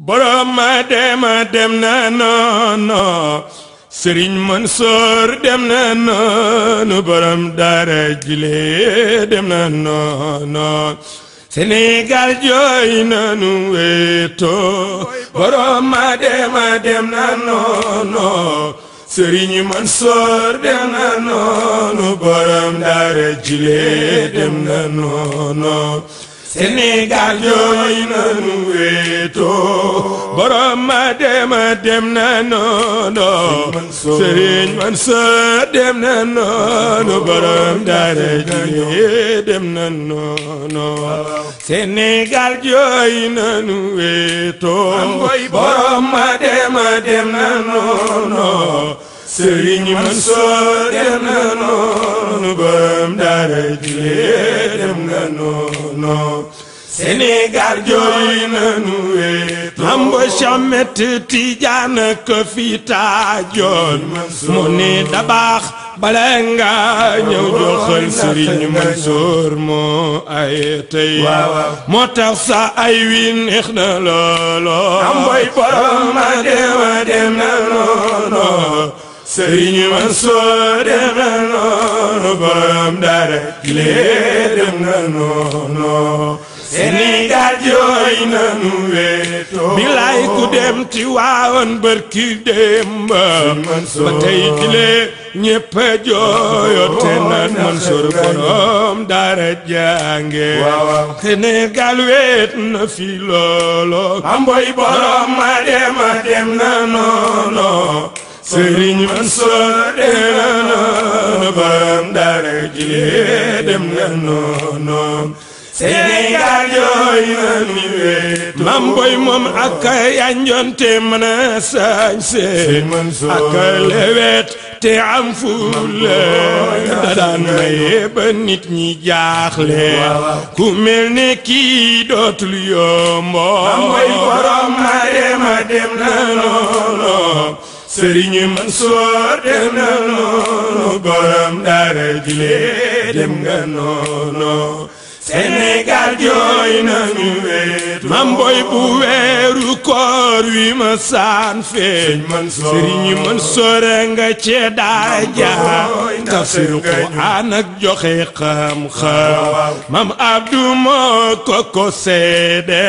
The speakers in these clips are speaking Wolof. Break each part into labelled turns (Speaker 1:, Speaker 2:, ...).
Speaker 1: borom ma dem na noonu sëriñ Mansoor dem na noonu borom daara jile dem na noonu borom ma dema dem na noonu sëriñ Mansoor dem na noonu borom daara jile dem na noonu Sénégal yooyu nanu wéetoo borom ma dem dem na noonu Serigne Mansour dem na noonu borom daara ji dem na noonu Sénégal yooyu nanu wéetoo borom ma dem dem na noonu sëriñ Mansoor dem na noonu bam daara julee dem na noonu Sénégal jooy nanu wéet lambo Chamet Tidiane ko fi taajoon mu bala nga ñëw moo ay tey moo tax sa ay wi neex na looloo am boy borom ma dem na sëriñ Mansoor dem na noonu borom dara gilee dem na noonu Sénégal jooy nanu weetoo bilaay ku dem ti waawoon bërki démb ba tey gilee ñépp a jooyoo te oh, naan Mansoor dara jànge Sénégal weet na na noonu sëriñ Mansoor dee na noonu borom daara ji dem na noonu Sénégal yooyu na ni moom ak yanjoon te mën a sañse ak lewet te am fuule daan maye ba nit ñi jaaxle ku mel ne kii dootul yombo mam boy borom dem na noonu sëriñ Mansoor dem na noonu borom daara jule dem nga noonu Sénégal jooy nañu weet mam boy bu weeru koor wi ma saan feeñ sëriñ Mansoor nga cee daa jaar tafsir Quraan ak joxe xam-xam mam Abdou moo ko ko seede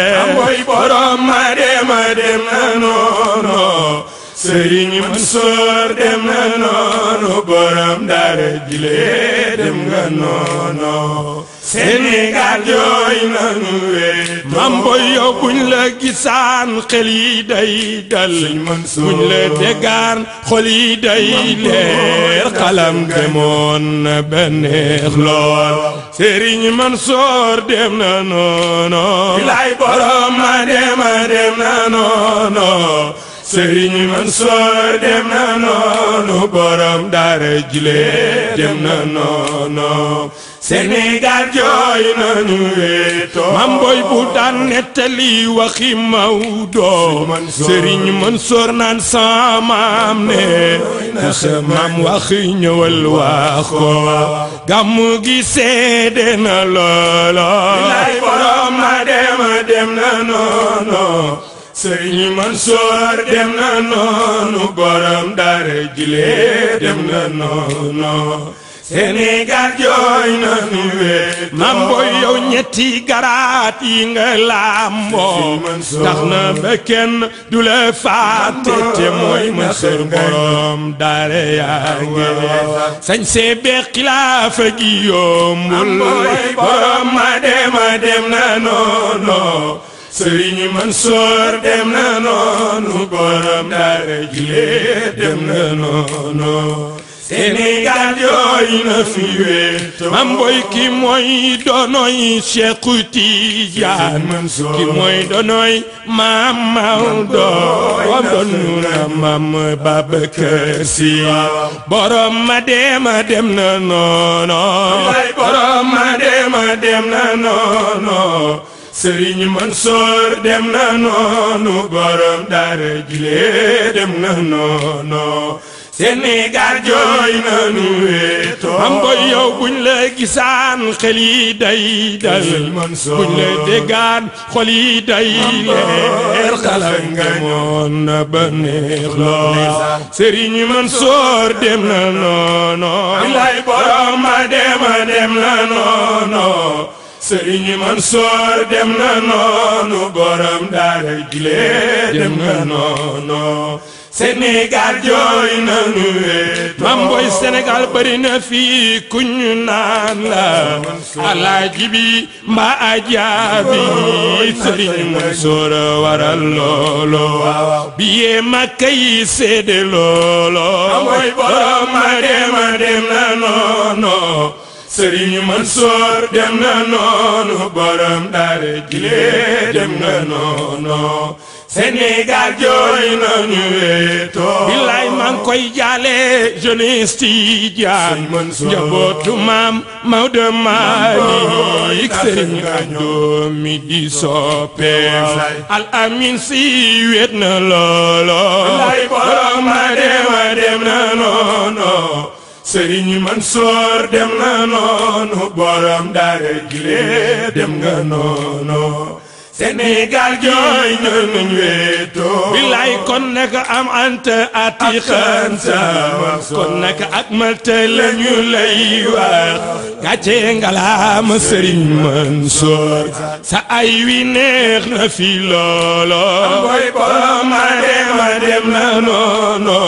Speaker 1: borom ma dem ma dem na noonu sëriñ Mansoor dem nga noonu borom daara jile dem nga noonu Sénégal jooy nanu wee mam boy yow buñ la gisaan xel yi day dal buñ la tegaan xol yi day leer xalam demoon na beneex lool sëriñ Mansoor dem na noonu lay borom ma dem dem na noonu sëriñ Mansoor dem na noonu borom daara jile dem na noonu Sénégal jooy nañu weetoo mam boy bu daan nettali waxi Maodo sëriñ Mansoor naan sama maam ne sa maam wax ñëwal wax gi seede na loolo borom na dem dem na noonu sëriñ Mansoor dem na noonu borom daara jile dem na noonu Sénégal jooy na nu na ba kenn du la ma dem a dem na noonu sëriñ Mansoor dem na noonu borom daara jile dem na noonu Sénégal yooyu na fi wéetoo mam boy ki mooy donoy Cheikhu Tijaan Mansoor ki mooy donoy maam Maodo wam doonu na maam Babacar Si borom ma dema dem na noonu borom ma dema dem na noonu sëriñ Mansoor dem na noonu borom daara jile dem na noonu Sénégal jooy na nu wéetoo am boy buñ la gisaan xel day dal buñ la déggaan xol day leer xalaat na ba neex sëriñ Mansoor dem na noonu am lay borom ma dem na noonu sëriñ Mansoor dem na noonu borom daara gile dem na noonu Sénégal jooy na nu wéetoo mam booy Sénégal bari na fii ku ñu naan la alaaji bi mbaa ajaabi sëriñ Mansoor waral loolo biyee Makka yi seede loolo mooy borom ma dem na noonu sëriñ Mansoor dem na noonu borom daara jile dem na noonu Sénégal jooy nañu wéetoo billaay maa ngi koy jaale jeunesse Tijaan njabootu maam Maodo Malick sëriñ Abdou mi di soppeem al amin si wéet na looloo borom ma dem na noonu Sëriñ Mansoor dem nga noonu borom daara jile dem nga noonu Sénégal jooy nañu wéetoo billaay kon nag am ant atiqan sama kon nag ak malte lañu lay wax gàcce ngalaama Sëriñ Mansoor sa ay wi neex na fi loolo am boy ma dem ma dem na noonu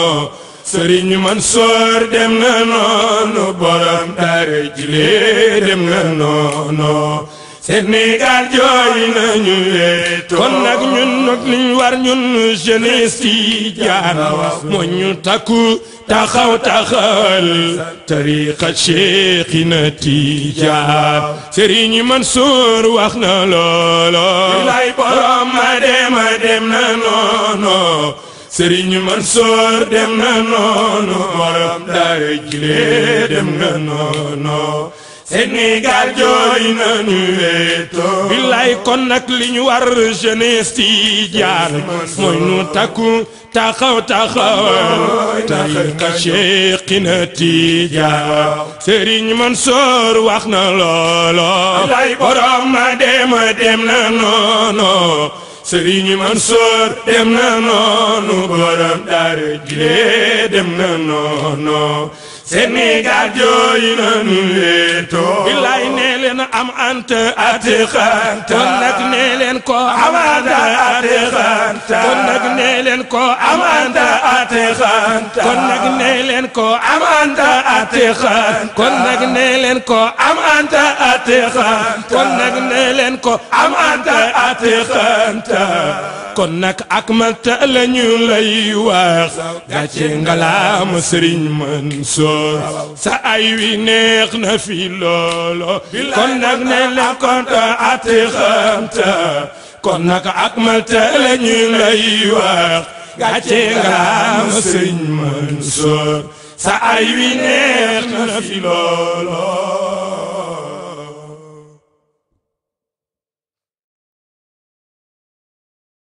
Speaker 1: sëriñ Mansoor dem na noonu borom daara jile dem na noonu Sénégal jooy nañu weetoo kon nag ñun nag liñ war ñun jeunesse yi jaar moo ñu takku taxaw taxawal tariqa Cheikhina Tijaan Sëriñ Mansour wax na loolo lay borom ma dem dem na noonu Sëriñ Mansoor dem na noonu borom daara jile dem na noonu Sénégal jooy nañu weetoo billaay kon nag li ñu war jeunesse yi jaar mooy nu takku taxaw taxawal tariqa Cheikhina Tijaan Serigne wax na loolo borom ma dem dem na noonu sëriñ Mansoor dem na noonu borom daara jile dem na noonu Sénégal jooy na nu leetoo. bilaay nee leen am ant ati xanta. leen ko amanta ate xanta kon nag ko amanta ate xanta kon nag nee leen leen ko amanta ate xanta kon nag nee leen ko amanta kon nag ak mata la ñu lay wax gàcce ngalaam sëriñ Mansoor sa ay wi neex na fi loolo kon nag ne la konta ati xamta kon nag ak mata la ñu lay wax gàcce ngalaam sëriñ Mansoor sa ay wi neex na fi loolo